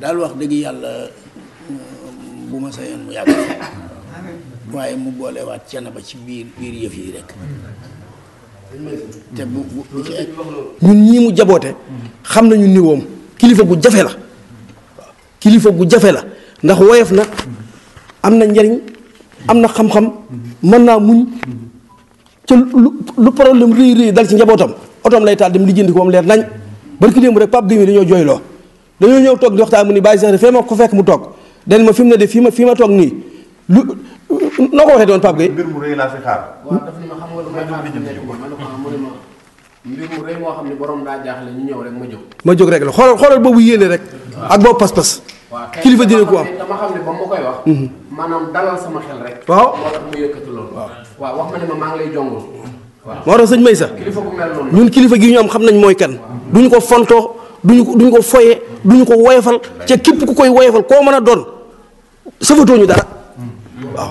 daal wax dëgg yàlla euh, bu ma sa yoon mu yàgg waaye mu boolewaat cana ba ci biir biir yëf yi rek ñun ñii mu jaboote xam nañu niwoom kilifa gu jafe la kilifa gu jafe la ndax woyof na am na njariñ am na xam-xam mën naa muñ ca lu lu problème rëy rëy dal ci njabootam otoom lay taal dem lijjanti ko leer nañ barki démb rek Pape Gueye dañoo jooyloo dañoo ñëw toog di waxtaan mu ni bàyyi seex de fee ma ko fekk mu toog dañ ma fi mu ne de fii ma fii ma toog nii noo ko waxee doon Pape Gueye. mbir mu rëy laa fi xaar. ma xam nga moo xam ne borom daa ñu ñëw rek ma jóg. ma jóg rek la xoolal xoolal boobu yéene rek. ak boobu pas-pas. kilifa dina ko am dama ne ba ma koy wax. Mhm. maanaam dalal sama xel rek. waaw moo tax mu yëkkati loolu. waaw wax ma ne ma maa ngi lay jongul. kilifa gi ñu am xam nañ mooy kan. duñu ko fontoo duñu ko duñu ko foyee ñu ko woyofal ca képp ku koy woyofal koo mën a doon safatoo ñu dara waaw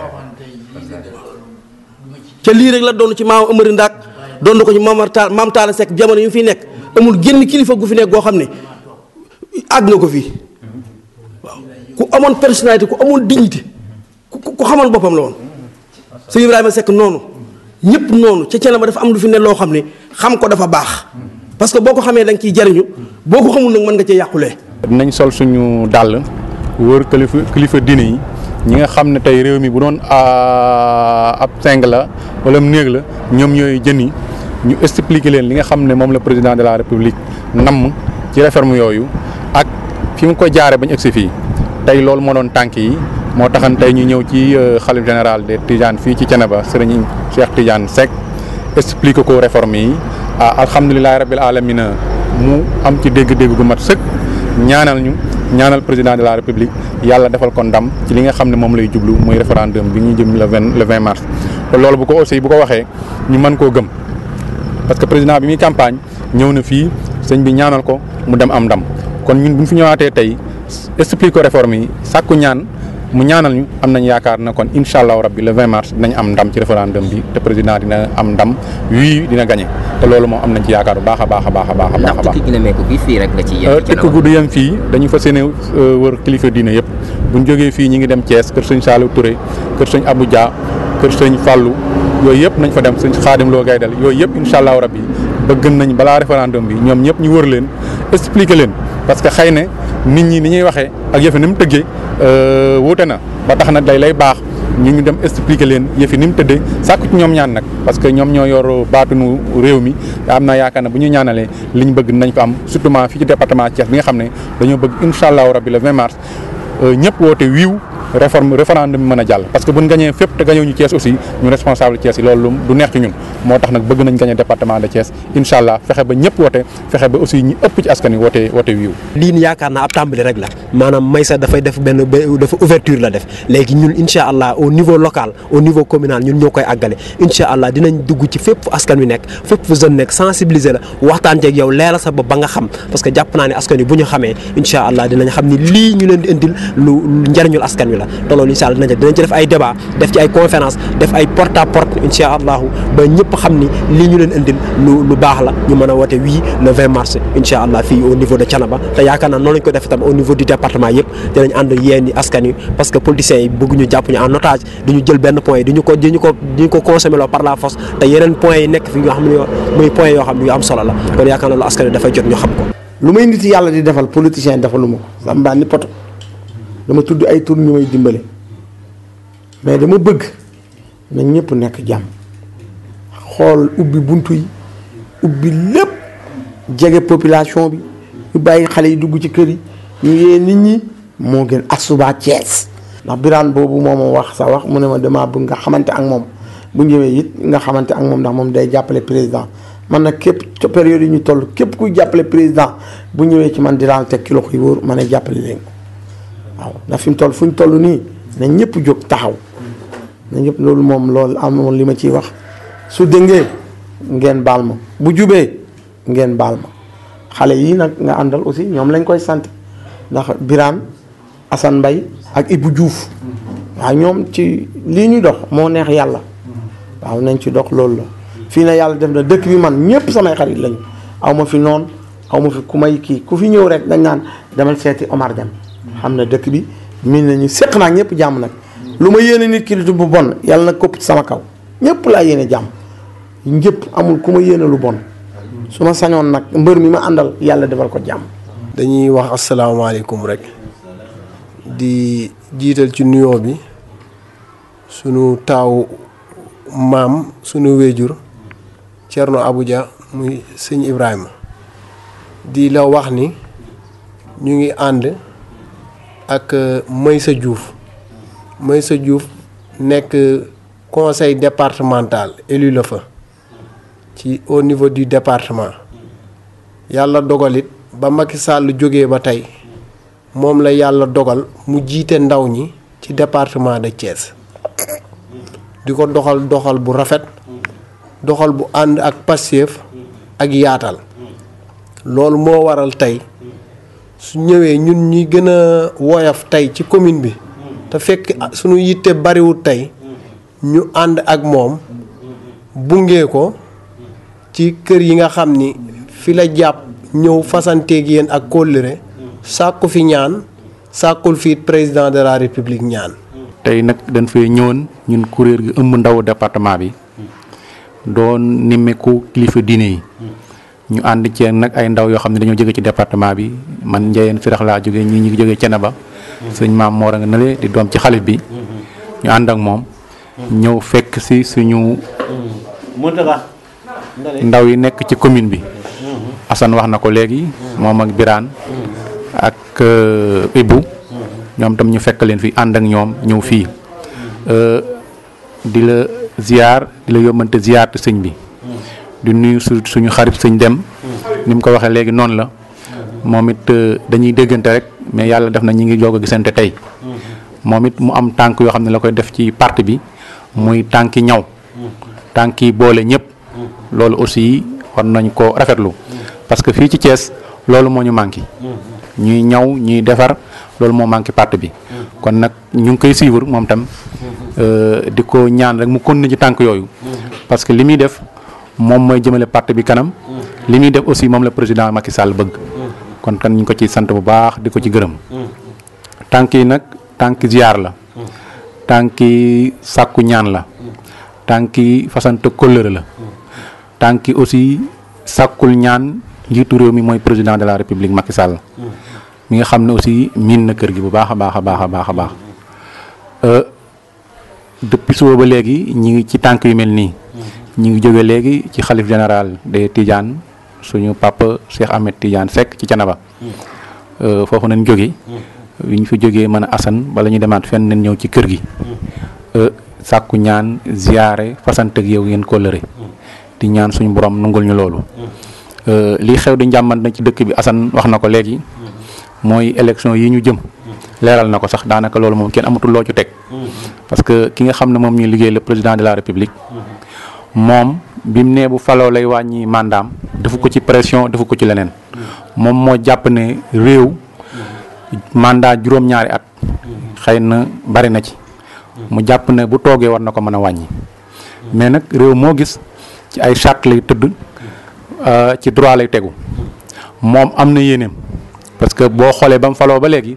ca lii rek la doon ci maam Amari Ndaak doon ko ci maam taal maam Taala Sekk jamono yu fi nekk amul génn kilifa gu fi nekk goo xam ne àgg nga ko fii waaw ku amoon personnalité ku amoon dignité ku ku xamoon boppam la woon sëñ Ibrahima Sekk noonu ñëpp noonu ca Thiénaba dafa am lu fi ne loo xam ne xam ko dafa baax parce que boo ko xamee danga nga ciy jariñu boo ko xamul nag mën nga cee yàqule nañ sol suñu dàll wër kilifa kilifa diine ñi nga xam ne tey réew mi bu doon ah, ab seng la wala mu néeg la ñoom yooyu jën yi ñu expliquer leen li nga xam ne moom la président de la république namm ci réforme yooyu ak fi mu ko jaare bañ egsi fii tey loolu moo doon tànk yi moo taxan tey ñu ñëw ci euh, xalif général de Tidiane fii ci Thiénaba sëriñ Cheikh Tidiane Seck expliquer ko réforme yi ah alhamdulilahi rabil alamina mu am ci dégg-dégg gu mat sëkk ñaanal ñu ñaanal président de la république yàlla defal ko ndam ci li nga xam ne moom lay jublu muy référendum bi ñuy jëm le vingt le vingt mars. te loolu bu ko aussi bu ko waxee ñu man koo gëm parce que président bi muy campagne ñëw na fii sëñ bi ñaanal ko mu dem am ndam kon ñun ñu fi ñëwaatee tey explique ko réforme yi sàkku ñaan. mu ñaanal ñu am nañ yaakaar na kon incha allahu rabbi bi 20 mars dinañ am ndam ci référendum bi te président dina am ndam oui dina gagné te loolu moom am nañ ci yaakaar bu baax a baax a baax a baax. ndax tukki gi la meeku fii rek la ci yem. tukki euh, gu du yem fii dañu fas yéene euh, wër kilifa yëpp bu ñu jógee fii ñu ngi dem Thiès kër sëñ Saliou Touré kër sëñ Abou Dia kër sëñ fàllu yooyu yëpp nañ fa dem sëñ Xaadim Lo Gaydel yooyu yëpp incha allahu rabbi bëgg nañ balaa référendum bi ñoom ñëpp ñu wër leen expliquer leen parce que xëy na nit ñi ni ñuy waxee ak yëfi ni mu tëggee euh, wuute na ba tax na day lay baax ñu ñu dem expliquer leen yëfi ni mu tëddee sàkku ci ñoom ñaan nag parce que ñoom ñoo yor baatunu réew mi am naa yaakaar ne bu ñu ñaanalee li ñu bëgg nañ ko am surtout fii ci département Thiès bi nga xam ne dañoo bëgg incha allahu rabbi le 20 mars euh, ñëpp woote wiiw réforme référendum mën a jàll parce que buñ gañee fépp te gañoo ñu Thiès aussi ñu responsable Thiès yi loolu du neex ci moo tax nag bëgg nañ gañe département de Thiès incha allah fexe ba ñëpp wote fexe ba aussi ñi ëpp ci askan wi wote wote wiiw lii ni yaakaar naa ab tàmbali rek la maanaam Maysa dafay def benn dafa ouverture la def léegi ñun incha allah au niveau local au niveau communal ñun ñoo koy àggale incha allah dinañ dugg ci fépp fu askan wi nekk fépp fu zone nekk sensibiliser la waxtaan ceeg yow leeral sa ba ba nga xam parce que jàpp naa ne askan wi bu ñu xamee incha allah dinañ xam ni lii ñu leen di indil lu askan wi la loolu incha allah dinañ ci ay débat def ci ay conférence def ay porte à porte incha ñëpp ñëpp xam ni li ñu leen indil lu lu baax la ñu mëna a wote wii le 20 mars inshallah fi au niveau de Thiénaba ta yaakaar naa noonu lañ ko def tam au niveau du département yëpp dinañ ànd yéen yi askan yi parce que politiciens yi bëggu ñu japp ñu en otage duñu jël ben point yi duñu ko duñu ko duñu ko consommer lo par la force ta yenen point yi nekk fi nga xam ne muy point yo xam ne yu am solo la kon yaakaar naa lu askan yi dafa jot ñu xam ko lu may nit yalla di defal politicien defaluma ko sam baa ni poto dama tuddu ay tour ñu may dimbalé mais dama bëgg na ñëpp nekk jamm xool ubbi buntu yi ubbi lépp jege population bi ñu bàyyi xale yi dugg ci kër yi ñu yee nit ñi moo gën suba Thiès. ndax biraan boobu moom wax sa wax mu ne ma dama bëgg nga xamante ak moom bu ñëwee nga xamante ak moom ndax moom day jàppale président man nag képp période yi ñu toll képp kuy jàppale président bu ñëwee ci man dinaa teg ci yi wóor ma ne jàppale leen ndax fi mu toll fu ñu toll nii na ñëpp jóg taxaw na ñëpp loolu moom loolu amoon li ma ciy wax su dengé ngén balma bu jubé ngén balma xalé yi nak nga andal aussi ñom lañ koy sant ndax biran, Assane bay ak Ibou Diouf wa ñom ci li ñu dox mo neex yalla wa nañ ci dox lool la fi na yalla def na dekk bi man ñepp sama xarit lañ awma fi non awma fi kumay ki, ku fi ñew rek dañ nan demal séti Omar Dem xamna na bi min nañu séq naa ñepp jamm nak luma yene nit ki bu bon yalla na kopp sama kaw ñepp la yene jamm ñepp amul kuma ma yéene lu bon suma sañon nak mbeur mi ma andal yalla defal ko jam dañuy wax alaykum rek di jital ci nuyo bi sunu taw mam sunu wéjur Cerno Abuja muy seigne Ibrahima di la wax ni ñu ngi and ak euh, Meissa Diouf Meissa Diouf nek conseil départemental élu ci au niveau du département yàlla dogalit ba Macky Sall jógee ba tey moom la yàlla dogal mu jiite ndaw ñi ci département de Thiès di ko doxal doxal bu rafet doxal bu ànd ak Pastef ak yaatal loolu moo waral tey su ñëwee ñun ñi gën a woyof tey ci commune bi te fekk suñu yitte bariwul tey ñu ànd ak moom bungee ko ci kër yi nga xam ni fi la jàpp ñëw fasanteeg yéen ak kóllëre sàkku fi ñaan sàkkul fi président de la république ñaan. tey nag dañ fee ñëwoon ñun kuréel gi ëmb ndaw département bi doon nimmeeku kilifa diine yi ñu ànd ceeg nag ay ndaw yoo xam ne dañoo jóge ci département bi man Ndiayène Firax laa jógee ñii ñu jógee Ceneba suñ maam moo nga nale di doom ci xalif bi ñu ànd ak moom ñëw fekk si suñu. ndaw yi nekk ci commune bi Assane wax na ko léegi moom ak biraan ak euh, Ibou ñoom tam ñu fekk leen fi ànd ak ñoom ñëw fii euh, di la ziar di la yóbbante ziar sëñ bi di nuyu suñu xarit sëñ dem ni mu ko waxee léegi noonu la moom it euh, dañuy déggante rek mais yàlla def na ñu ngi joog a gisante tey moom it mu am tànk yoo xam ne la koy def ci parti bi muy tànki ñaw tànki boole ñëpp loolu aussi war nañ ko rafetlu parce que fii ci Thiès loolu moo ñu manqué ñuy ñaw ñuy defar loolu moo manqué part bi kon nag ñu ngi koy suivre moom tam euh, di ko ñaan rek mu continuer ci tànk yooyu parce que li def moom mooy jëmale part bi kanam li muy def aussi moom la président Macky Sall bëgg kon kan ñu ko ci sant bu baax di ko ci gërëm tànk yi nag tànk ziar la tànk sàkku ñaan la tànk fasante kóllëre la tanki aussi sakul ñaan jitu rew mi moy president de la république Macky Sall mi nga xamne aussi min na kër gi bu baax a baax a baax euh depuis so ba léegi ñi ngi ci tank yu melni ñi ngi jóge léegi ci xalif général de Tidiane suñu papa Cheikh Ahmed Tidiane Seck ci euh fofu nañ jóge wiñ fi fa jógee mën asan bala ñu demaat fenn nañ ñew ci kër gi euh, sakku ñaan ziaré fasante ak yow ngeen leuré di ñaan suñu borom nungul ñu loolu. Euh, lii xew di njàmbat na ci dëkk bi Assane wax na ko léegi. mooy élection yi ñu jëm. leeral na ko sax daanaka loolu moom kenn amatul loo ci teg. parce que ki nga xam ne moom ñuy liggéey le président de la république. moom bi mu nee bu faloo lay wàññi mandaam defu ko ci pression defu ko ci leneen. moom moo jàpp ne réew. mandat juróom-ñaari at. xëy na bari na ci. mu jàpp ne bu toogee war na ko mën a wàññi. mais nag réew moo gis. ci ay charte lay tëdd euh, ci droit lay tegu moom am na yéeneem parce que boo xoolee ba mu faloo ba léegi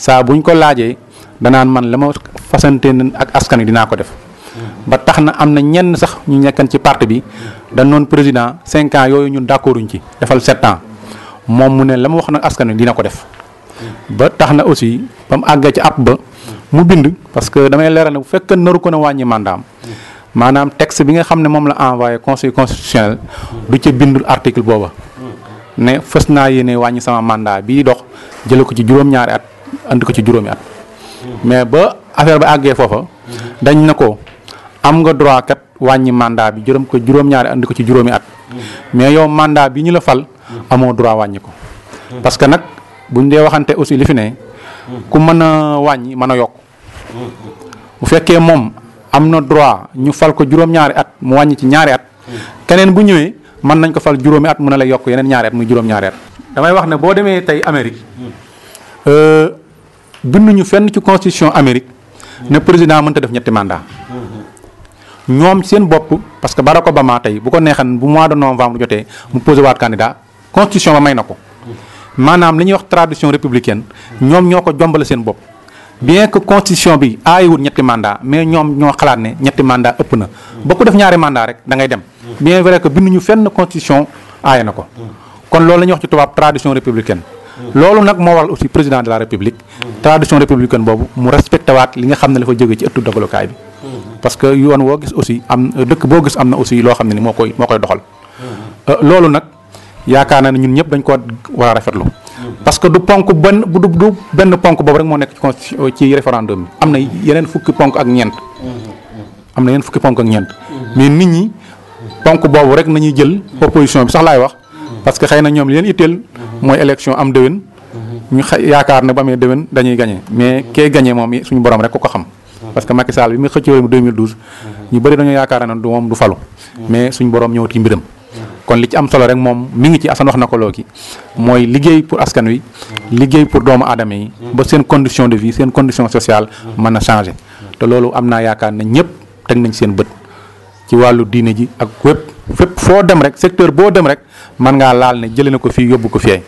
saa ñu ko laajee danaan man la ma fasante na ak askan wi dinaa ko def. ba tax na am na ñenn sax ñu nekkan ci parti bi dañ noon président cinq yooyu ñun d'accorduñ ci defal sept ans moom mu ne la ma wax nag askan wi dina ko def. ba tax na aussi ba mu àggee ci app ba mu bind parce que damay leeral ne bu fekk naru ko na wàññi mandaam maanaam texte bi nga xam ne moom la envoyé conseil constitutionnel du ca bindul article booba ne fës naa yéene wàññi sama mandat bi dox jële ko ci juróom-ñaari at andi ko ci juróomi at mais ba affaire ba àggee foofa dañ na ko am nga droit kat wàññi mandat bi juróom ko juróom-ñaari ko ci juróomi at mais yow mandat bi ñu la fal amoo droit wàññi ko parce que nag buñ dee waxante aussi li fi ne ku mën a wàññi mën a yokk bu fekkee moom am droit ñu fal ko juroom ñaari at mu wàññi ci ñaari at keneen bu ñëwee man nañ ko fal juróomi at mu ne la yokk yeneen ñaari at muy juróom-ñaari at damay wax ne boo demee tey amérique euh, binduñu fenn ci constitution amérique ne président mënta def ñetti mandat ñoom seen bopp parce que barack obama tey bu ko neexan bu mois de novembre jotee mu posé waat candidat constitution ba may na ko maanaam li ñuy wax tradition républicaine ñoom ñoo ko jombal seen bopp bien que constitution bi aayiwul ñetti mandat mais ñoom ñoo xalaat ne ñetti mandat ëpp na boo ko def ñaari mandat rek dangay dem bien vrai que ñu fenn constitution aaye na ko kon loolu la ñuy wax ci tradition républicaine loolu nag moo waral aussi président de la république tradition républicaine boobu mu respecté waat li nga xam ne la fa jógee ci ëttu dogalukaay bi parce que yoon woo gis aussi am dëkk boo gis am na aussi loo xam ne ni moo koy moo koy doxal euh, loolu nag yaakaar na ne ñun ñëpp dañ ko war a rafetlu parce que du ponk benn du du benn ponk boobu rek moo nekk ci euh, ci référendum bi am na yeneen fukki ponk ak ñeent. am na yeneen fukki ponk ak mais nit ñi ponk boobu rek nañuy jël proposition bi sax laay wax. parce que xëy na ñoom li leen itteel mooy élection am déwén. ñu xa yaakaar ne ba amee déwén dañuy gagné mais kee gagné moom suñu borom rek ku ko xam. parce que Macky Sall bi muy xëccoo 2012. ñu bëri dañoo yaakaar ne du moom du falu. mais suñu borom ñëw ci mbiram. kon li ci am solo rek moom mi ngi ci Assane wax na ko loo ki mooy liggéey pour askan wi liggéey pour doomu aadama yi ba seen condition de vie seen condition sociale mën a changer te loolu am naa yaakaar ne ñëpp teg nañ seen bët ci wàllu diine ji ak wépp fépp foo dem rek secteur boo dem rek mën ngaa laal ne jëlee na ko fii yóbbu ko fii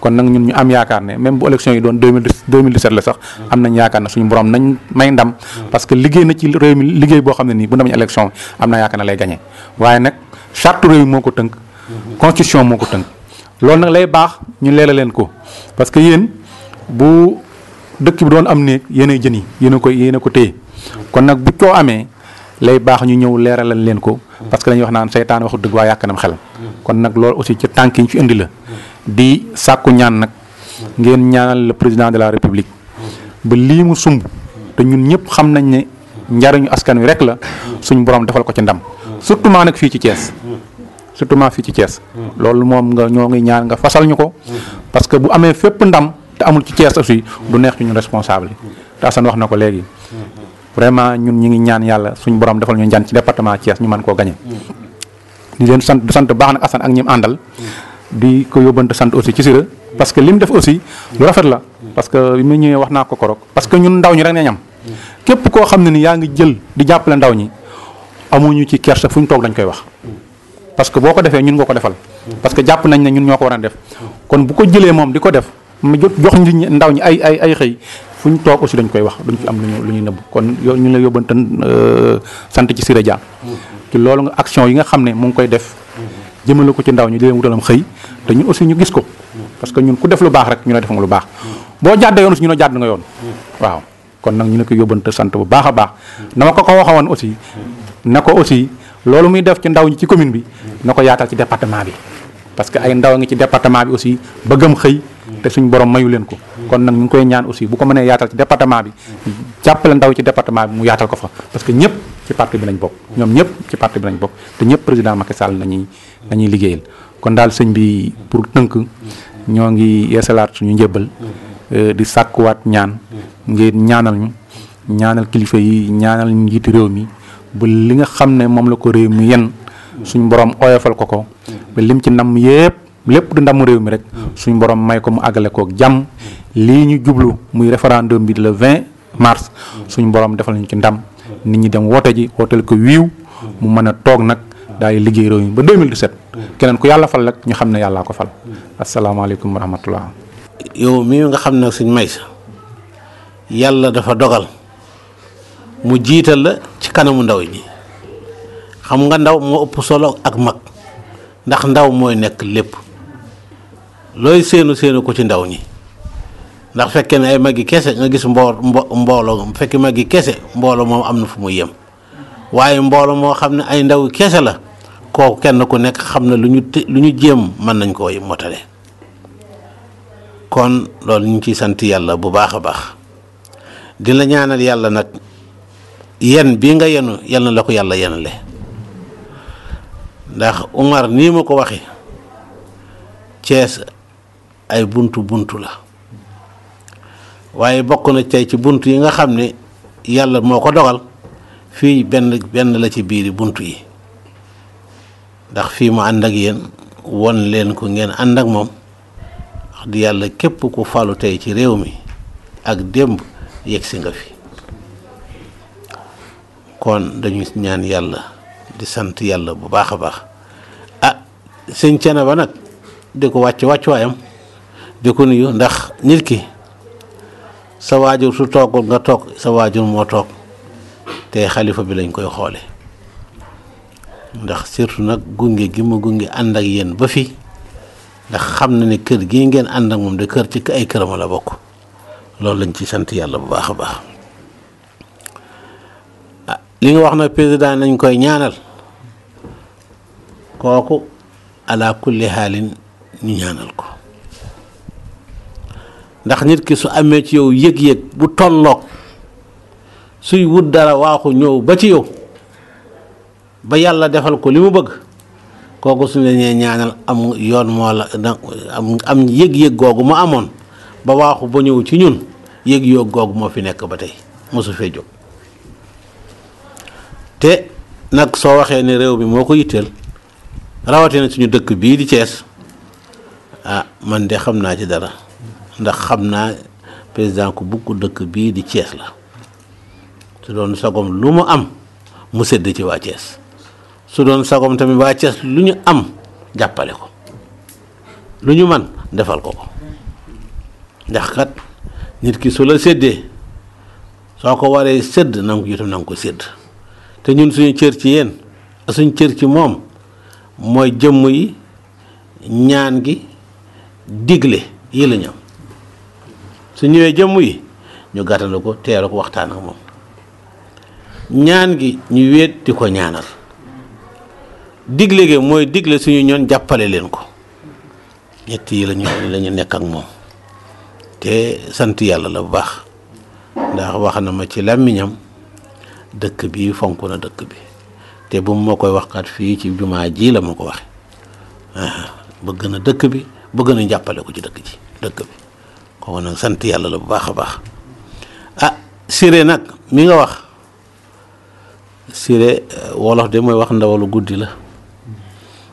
kon nag ñun ñu am yaakaar ne même bu élection yi doon 2017 la sax mm. am nañ yaakaar ne suñu borom nañ may ndam mm. parce que liggéey na ci réew mi liggéey boo xam ne nii bu ndamañu élection am na yaakaar na lay gagné waaye nag charte réew mi moo ko tënk mm-hmm. constitution moo ko tënk loolu nag lay baax ñu leeral leen ko parce que yéen bu dëkk bi doon am néeg yéenay jën yi yéen koy yéen a kon nag bu coo amee lay baax ñu ñëw leeralal leen ko mm. parce que dañuy wax naan seytaane waxu dëgg waa yàkkanam xel kon nag loolu aussi ci tànk yi ñu fi indi la di sàkku ñaan nak ngeen ñaanal le président de la république ba li mu sumb te ñun ñëpp xam nañ ne njariñu askan wi rek la suñu borom defal ko ci ndam surtout ma nak fi ci Thiès surtout ma fi ci Thiès loolu mom nga ñoo ngi ñaan nga fasal ñuko parce que bu amé fepp ndam te amul ci Thiès aussi du neex ci ñun responsable ta Assane wax nako ko vraiment ñun ñi ngi ñaan yalla suñu borom defal ñu ñaan ci département Thiès ñu man ko gagné di len sante sante baax nak asan ak ñim àndal di ko yóbbante sant aussi ci Sira parce que li mu def aussi lu rafet la parce que bi mu ñëwee wax naa ko korok parce que ñun ndaw ñi rek nañ am képp koo xam ne ni yaa ngi jël di jàppale ndaw ñi amuñu ci kersa fu ñu toog lañ koy wax parce que boo ko defee ñun nga ko defal parce que jàpp nañ ne ñun ñoo ko war a def kon bu ko jëlee moom di ko def ma jot jox ñi ndaw ñi ay ay ay xëy fu ñu toog aussi dañu koy wax duñ fi am luñu lu ñuy nëbb kon ñu ngi lay yóbbantan euh, sant ci Sira Dia ci loolu nga action yi nga xam ne mu ngi koy def jëmale ko ci ndaw ñu di leen wutalam xëy te ñun aussi ñu gis ko parce que ñun ku def lu baax rek ñu la def nga lu baax boo jàddee yoon ñu la jàdd nga yoon waaw kon nag ñu la ko yóbbante sant bu baax a baax dama ko ko waxawoon aussi na ko aussi loolu muy def ci ndaw ñi ci commune bi na ko yaatal ci département bi parce que ay ndaw ngi ci département bi aussi bëggam xëy te suñ borom mayu leen ko kon nag ñu koy ñaan aussi bu ko mënee yaatal ci département bi jàppale ndaw ci département bi mu yaatal ko fa parce que ñëpp ci parti bi lañ bokk ñoom ñëpp ci parti bi lañ bokk te ñëpp président Macky Sall la lañuy liggéeyal kon daal sëñ bi pour tënk ñoo ngi yeesalaat suñu njëbbal euh, di sàkkuwaat ñaan ngeen ñaanal ñu ñaanal kilifa yi ñaanal njiitu réew mi ba li nga xam ne moom la ko réew mi yen suñ borom oyofal ko ko ba lim ci nam yépp lépp du ndamu réew mi rek suñ borom may ko mu àggale koog jàmm lii ñu jublu muy référendum bi le 20 mars suñ borom defal ñu ci ndam nit ñi dem wote ji wotel ko wiiw mu mën a toog daal di liggéey réew mi ba 2017. Mm. keneen ku yàlla fal rek ñu xam ne yàllaa ko fal. Mm. asalaamaaleykum wa rahmatullah. yow mii nga xam ne suñ may sa yàlla dafa dogal mu jiital la ci kanamu ndaw ñi xam nga ndaw moo ëpp solo ak mag ndax ndaw mooy nekk lépp looy séenu séenu ko ci ndaw ñi. ndax fekkee ne ay mag yi kese nga gis mbool mbooloo bu fekkee mag yi kese mbooloo moom am na fu mu yem waaye mbooloo moo xam ne ay ndaw kese la kooku kenn ku nekk xam na lu ñu te lu ñu jéem mën nañ koo motale kon loolu ñu ciy sant yàlla bu baax a baax di ñaanal yàlla nag yen bii nga yenu yal na la ko yàlla yenale ndax Umar nii ma ko waxe Cees ay buntu buntu la waaye bokk na tey ci bunt yi nga xam ni yàlla moo ko dogal fii benn benn la ci biiri bunt yi ndax fii mu ànd ak yéen won leen ko ngeen ànd ak moom wax di yàlla képp ku falu tey ci réew mi ak démb yegg si nga fi kon dañu ñaan yàlla di sant yàlla bu baax a baax ah sëñ Thiénaba nag di ko wàcc wàccuwaayam di ko nuyu ndax nit ki sa waajur su toogul nga toog sa waajur moo toog te xalifa bi lañ koy xoole ndax surtout nag gunge gi ma gunge ànd ak yéen ba fi ndax xam na ni kër gi ngeen ànd ak moom de kër ci ay këram la bokk loolu lañ ci sant yàlla bu baax a baax ah, li nga wax na président nañ koy ñaanal kooku ala kulli xaalin ñu ñaanal ko ndax nit ki su amee ci yow yëg-yëg bu tolloog suy wut dara waaxu ñëw ba ci yow ba yàlla defal ko li mu bëgg kooku su la nee ñaanal am yoon moo la am am yëg-yëg googu ma amoon ba waaxu ba ñëw ci ñun yëg-yëg googu moo fi nekk ba tey mosu fee jóg te nag soo waxee ne réew mi moo ko yitteel rawatina suñu dëkk bii di cees ah man de xam naa ci dara ndax xam naa président ku bugg dëkk bii di Thiès la su doon sagom lu mu am mu sedd ci waa Thiès su doon sagom tamit waa Cees lu ñu am jàppale ko lu ñu man defal ko ko ndax kat nit ki su la seddee soo ko waree sedd na nga ko ko sédd te ñun suñu cër ci yéen suñu cër ci moom mooy jëmm yi ñaan gi digle yi la am su ñëwee jëmm yi ñu gàttandu ko teeru ko waxtaan ak moom ñaan gi ñu wéet di ko ñaanal digle gi mooy digle suñu ñoon jàppale leen ko ñett yi lañu lañu nekk ak moom te sant yàlla la bu baax ndax wax na ma ci làmmiñam dëkk bi fonk na dëkk bi te bu ma koy waxkat fii ci jumaa ji la ma ko waxe bëgg na dëkk bi bëgg na jàppale ko ci dëkk ji dëkk bi kooku nag sant yàlla la bu baax a baax a ah, Siré nag mi nga wax Siré eh, wolof de mooy wax ndawalu guddi la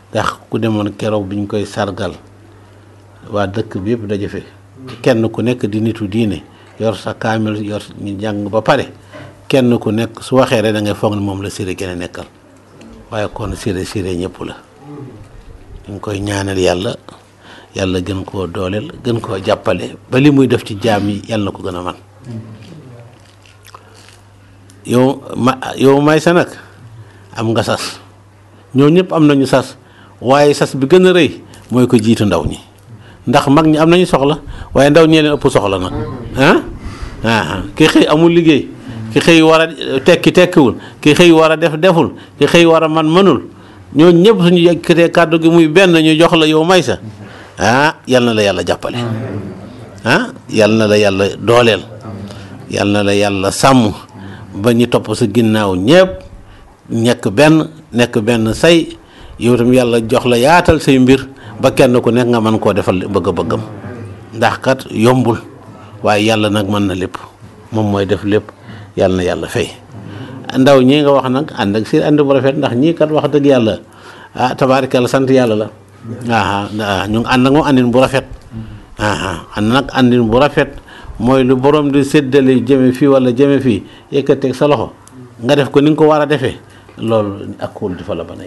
Dah ku demone kéro biñ koy sargal wa dëkk bi yëpp daje fe. kenn ku nekk di nitu diine yor sa kaamil yor ñu jàng ba pare kenn ku nekk su waxee rek da ngay fogg ne la gën nekkal waaye kon siré siré ñëpp la ñu koy ñaanal yàlla yàlla gën koo dooleel gën koo jàppale ba li muy def ci jaam yi yàlla na ko gën a man yow ma yow may sa am nga sas ñoo ñëpp am nañu sas waaye sas bi gën a rëy mooy ko jiitu ndaw ñi ndax mag ñi am nañu soxla waaye ndaw ñee leen ëpp soxla nag ah ki xëy amul liggéey ki xëy war a tekki tekkiwul ki xëy war a def deful ki xëy war a man mënul ñoo ñëpp suñu yëkkatee kàddu gi muy benn ñu jox la yow maysa sa ah yal na la yàlla jàppale ah yal na la yàlla dooleel yal na la yàlla sàmm ba ñu topp sa ginnaaw ñëpp nekk benn nekk benn say yow itam yàlla jox la yaatal say mbir ba kenn ku nekk nga mën koo defal bëgg-bëggam ndax kat yombul waaye yàlla nag mën na lépp moom mooy def lépp yàlla na yàlla fay. ndaw ñi nga wax nag ànd ak si ànd bu rafet ndax ñii kat wax dëgg yàlla ah sant yàlla la ah ñu ànd bu rafet ah ànd bu rafet mooy lu borom di séddale jëme fii wala jëme fii yëkkateeg sa loxo nga def ko ni nga ko war a defee loolu ak kóol di fa la ba na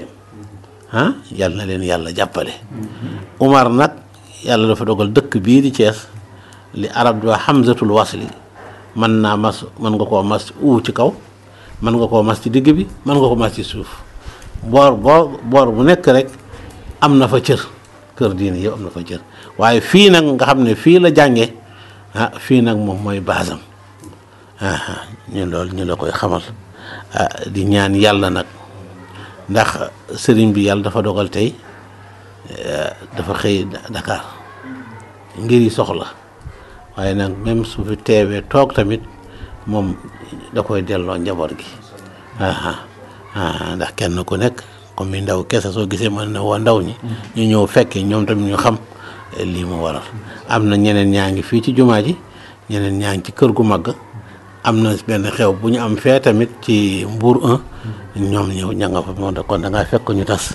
ah yàlla na leen yàlla jàppale Umar nag yàlla dafa dogal dëkk bii di Cees li arab di wax hamzatul wasli mën naa mas mën nga koo mas uu ci kaw mën nga koo mas ci digg bi mën nga ko mas ci suuf boor boor bu nekk rek am na fa cër kër diine yow am na fa cër waaye fii nag nga xam ne fii la jànge ah fii nag moom mooy baasam ñun loolu ñu la koy xamal ah, di ñaan yàlla nag ndax sëriñ bi yàlla dafa dogal tey eh, dafa xëy Dakar ngir yi soxla waaye nag même su fi teewee toog tamit moom da koy delloo njaboot gi ndax kenn ku nekk comme mi ndaw kese soo gisee mën na waa ndaw ñi ñu ñëw fekkee ñoom tamit ñu xam eh, lii mu waral am na ñeneen ñaa ngi fii ci jumaa ji ñeneen ñaa ngi ci kër gu mag am na benn xew bu ñu am fee tamit ci Mbour 1 ñoom ñëw ña nga fa moo tax kon da ngaa fekk ñu tas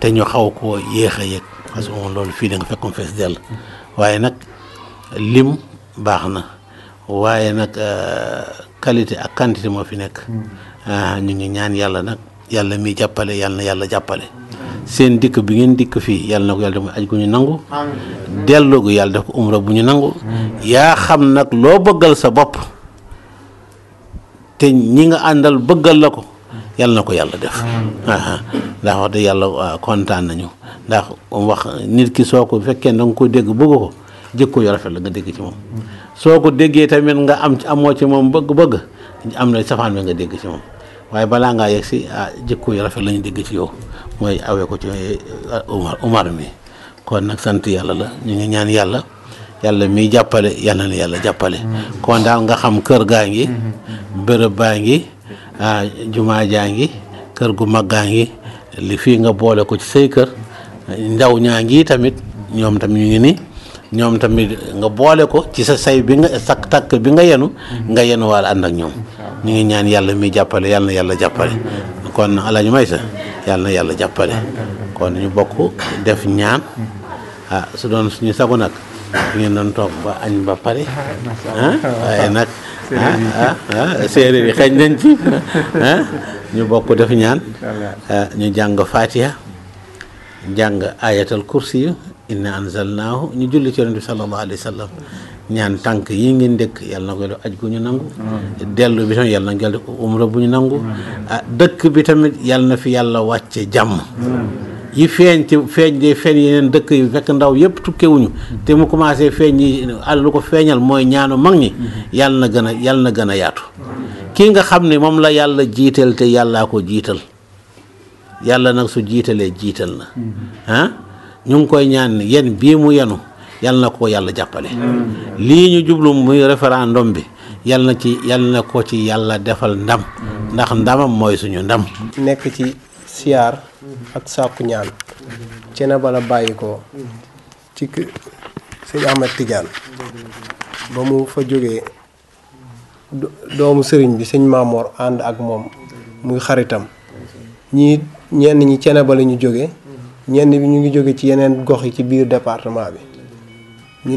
te ñu xaw koo yéex a yëg parce que moom loolu fii da nga fekkum fees dell waaye nag lim baax na waaye nag euh, qualité ak quantité moo fi nekk ah, ñu ngi ñaan yàlla nag yàlla mi jàppale yàlla yàlla jàppale seen dikk bi ngeen dikk fii yàlla na ko yàlla def muy aj gu ñu nangu delloo gu yàlla def ko umra bu ñu nangu yaa xam nag loo bëggal sa bopp te ñi nga àndal bëggal la ko yàlla na ko yàlla def ndax wax dëgg yàlla kontaan nañu ndax wax nit ki soo ko fekkee da nga ko dégg bëgg ko jikko yu rafet la nga dégg ci moom soo ko déggee tamit nga am amoo ci moom bëgg-bëgg am na safaan bi dégg ci waaye balaa ngaa yegg si ah jikko yu rafet la dégg ci yow mooy awee ko ci eh, Umar Umar mi kon nag sant yàlla la ñu ñaan yàlla yàlla miy jàppale yal yàlla jàppale kon daal nga xam kër gaa ngi bërëb baa ngi ah, jumaa jaa ngi kër gu mag gaa ngi li fii nga boole ko ci say kër ndaw ñaa ngi tamit ñoom ñoom tamit nga boole ko ci sa say bi nga sa bi nga yenu nga yenu waal ànd ak ñoom ñu ngi ñaan yàlla miy jàppale yal na yàlla jàppale kon Alaaji Maysa yal yàlla jàppale kon ñu bokk def ñaan ah su doon suñu sago nag ngeen doon toog ba añ ba pare ah, ah waaye nag séeréer yi ah, ah, xañ nañ ci ñu bokk def ñaan ñu jàng fatiha jàng ayatal kursi yu inna anzalnaahu ñu julli ci yonent bi sallallahu alayhi wa sallam ñaan tànk yi ngeen dëkk yàlla na koy def aj gu ñu nangu dellu bi tamit yàlla na koy umra bu ñu nangu dëkk bi tamit yàlla na fi yàlla wàcce jàmm yi feeñ ci feeñ de feeñ yeneen dëkk yi fekk ndaw yëpp tukkewuñu te mu commencé feeñ yi àll lu ko feeñal mooy ñaanu mag ñi yal na gën a yàlla na gën a yaatu kii nga xam ne moom la yàlla jiital te yàllaa ko jiital yàlla nag su jiitalee jiital na ah ñu ngi koy ñaan yéen bii mu yenu yàlla na ko yàlla jàppale lii ñu jublu muy référendum bi yàlla ci yàlla na ko ci yàlla defal ndam ndax ndamam mooy suñu ndam siyaar ak sàkku ñaan ci bala bàyyi ko ci sëñ Ahmed Tidiane ba mu fa jógee doomu sëriñ bi sëñ Maamoor ànd ak moom muy xaritam ñii ñenn ñi cene ba la ñu jóge ñenn bi ñu ngi jóge ci yeneen gox yi ci biir département bi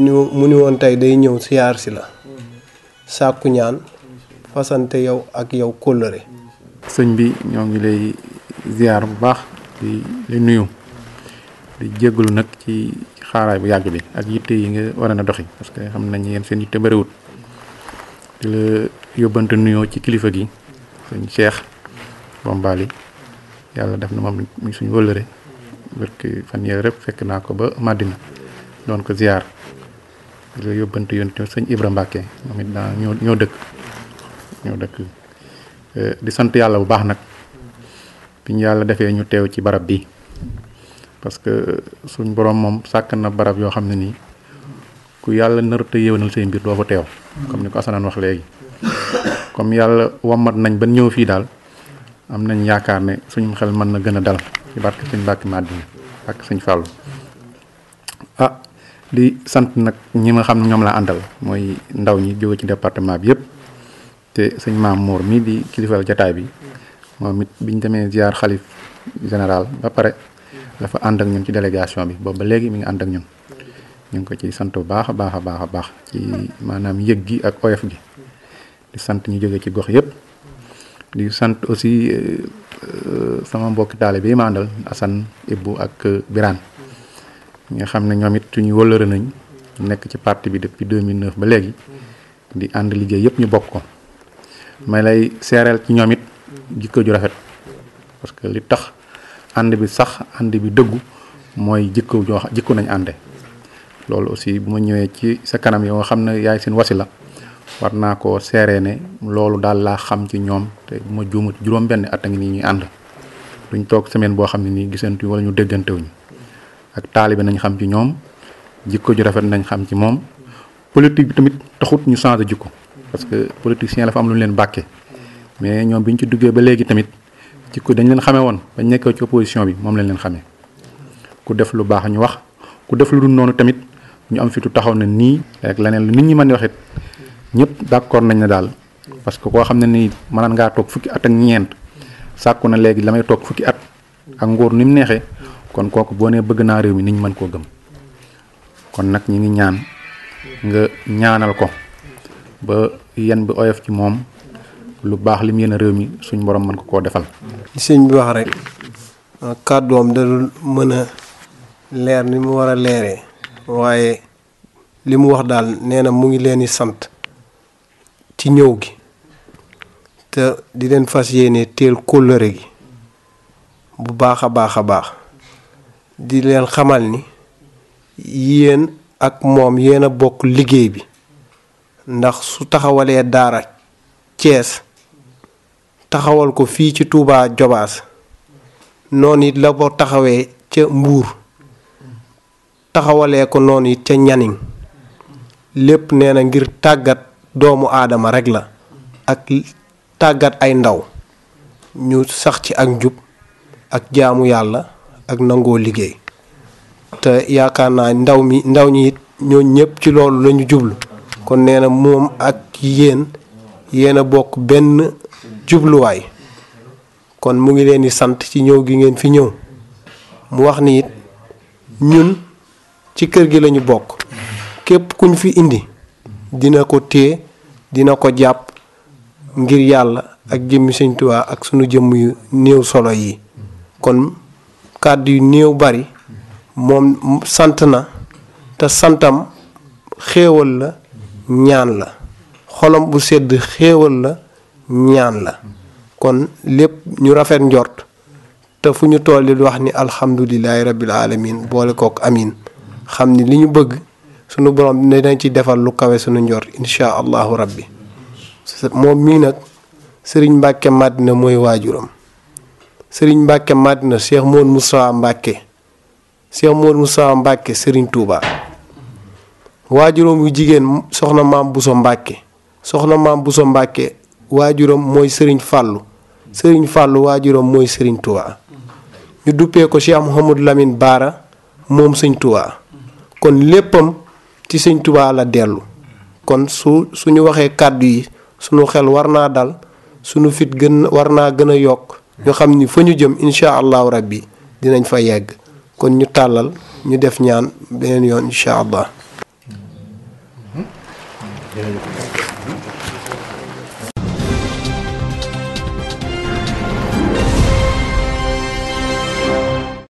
mu ni mu ni woon tey day ñëw siyaar si la sàkku ñaan fasante yow ak yow kóllëre sëñ bi ñoo ngi lay ziar bu baax di li nuyu di jégalu nag ci xaaraay bu yàgg bi ak yitte yi nga war a doxi parce que xam nañ yéen seen yitte bëriwut di la yóbbante nuyoo ci kilifa gi sëñ cheikh bombali yàlla def na moom mi suñ wëllëre barki fan yee rek fekk naa ko ba madina doon ko ziar di la yóbbante yoon tamit sëñ ibra mbàkke moom it daa ñoo ñoo dëkk ñoo dëkk eh, di sant yàlla bu baax nag biñ ñu yàlla defee ñu teew ci barab bi parce que suñ borom moom sàkk na barab yoo xam ne nii ku yàlla te yéwénal say mbir doo fa teew comme ni ko asanaan wax léegi comme yàlla wamat nañ ba ñëw fii daal am nañ yaakaar ne suñu xel mën na gën a dal ci barke suñ bàkki màddina ak suñ fàllu ah di sant nag ñi nga xam ne ñoom laa àndal mooy ndaw ñi jóge ci département bi yépp te suñ maam moor mi di kilifal jataay bi moom it biñ demee ziar xalif général ba pare dafa ànd ak ñun ci délégation bi boobu ba léegi mi ngi ànd ak ñun ñu ngi ko ci sant bu baax a baax a baax a baax ci maanaam yëg gi ak oyof gi di sant ñu jóge ci gox yépp di sant aussi euh, sama mbokk taale bi mandal asan ibbu ak euh, biran nga xam ne ñoom it suñu wëlëre nañ nekk ci parti bi depuis 2009 ba léegi di ànd liggéey yépp ñu bokk ko may lay seereel ci ñoom it jikko ju rafet parce que li tax and bi sax and bi dëggu moy jikko jo jikko nañ andé lolou aussi buma ñëwé ci sa kanam yo xamna yaay seen wasila warna ko seeree ne loolu daal laa xam ci ñom té buma ma juroom benn at a ni nii ñuy ànd duñ tok semaine bo xamni ni gisantu wala ñu wuñ ak talibé nañ xam ci ñom jikko ju rafet nañ xam ci mom politique bi tamit taxut ñu changer jikko parce que la fa am lu leen bakké mais ñoom biñ ci duggee ba léegi tamit ci ku dañ leen xamé won ba nekkee ci opposition bi mom lañ leen xamé ku def lu baax ñu wax ku def lu nonu tamit ñu am fitu taxaw na ni rek leneen nit ñi mën waxit ñepp d'accord nañ na dal parce que ko xamné ni nii nga tok fukki at ak ñent sakku na légui lamay tok fukki at ak ngor nim nexé kon koku bo né bëgg na réew mi niñ mën ko gëm kon nak ñi ngi ñaan nga ñaanal ko ba yen bi oyof ci mom lu baax lim yéen réew mi suñ borom mën ko koo defal. li sëñ bi wax rek ah, kàddoom da mën a leer li mu war a leeree waaye li mu wax daal nee na mu ngi leen di sant ci ñëw gi te di leen fas yéene teel kóllëre gi bu baax a baax a baax di leen xamal ni yéen ak moom yéen a bokk liggéey bi ndax su taxawalee daara Cees taxawal ko fii ci Touba Jobaas noonu it la boo taxawee ca Mbuur taxawalee ko noon it ca ñanin lépp nee na ngir tàggat doomu aadama rekk la ak tàggat ay ndaw ñu sax ci ak njub ak jaamu yàlla ak nangoo liggéey te yaakaar naa ndaw mi ndaw ñi it ñoo ñëpp ci loolu lañu jublu kon nee na moom ak yéen yéen a bokk benn jubluwaay kon mu ngi leen di sant ci ñew gi ngeen fi ñew mu wax ni ñun ci kër gi lañu bok kep kuñ fi indi dina ko dina ko japp ngir yalla ak jëmmi señ tuwa ak suñu jëmm yu neew solo yi kon kaddu yu neew bari mom sant na ta santam xéewal la ñaan la xolam bu sedd xéewal la ñaan la kon lépp ñu rafet njort te fu ñu toll di wax ni alhamdulilahi rabbil alamin boole kook amin xam ni li ñu bëgg sunu borom dinañ ci defal lu kawe sunu njort insha allahu rabbi moom mii nag sëriñ Mbàkke màddina mooy waajuram sëriñ Mbàkke màddina Cheikh Moon Moussa Mbàkke Cheikh Moon Moussa Mbàkke sëriñ Touba waajuram yu jigéen soxna maam Bousso Mbàkke soxna maam Bousso Mbàkke waa waajuram mooy sëriñ fàllu sëriñ fàllu waajuram mooy sëriñ Touba ñu duppee ko Cheikh Mouhamadou Lamine Baara moom sëñ Touba kon léppam ci sëñ Touba la dellu kon su suñu waxee kàddu yi sunu xel war naa dal sunu fit gën war naa gën a yokk ñu xam ni fa ñu jëm incha allahu rabbi dinañ fa yegg kon ñu tàllal ñu def ñaan beneen yoon incha allah mm-hmm.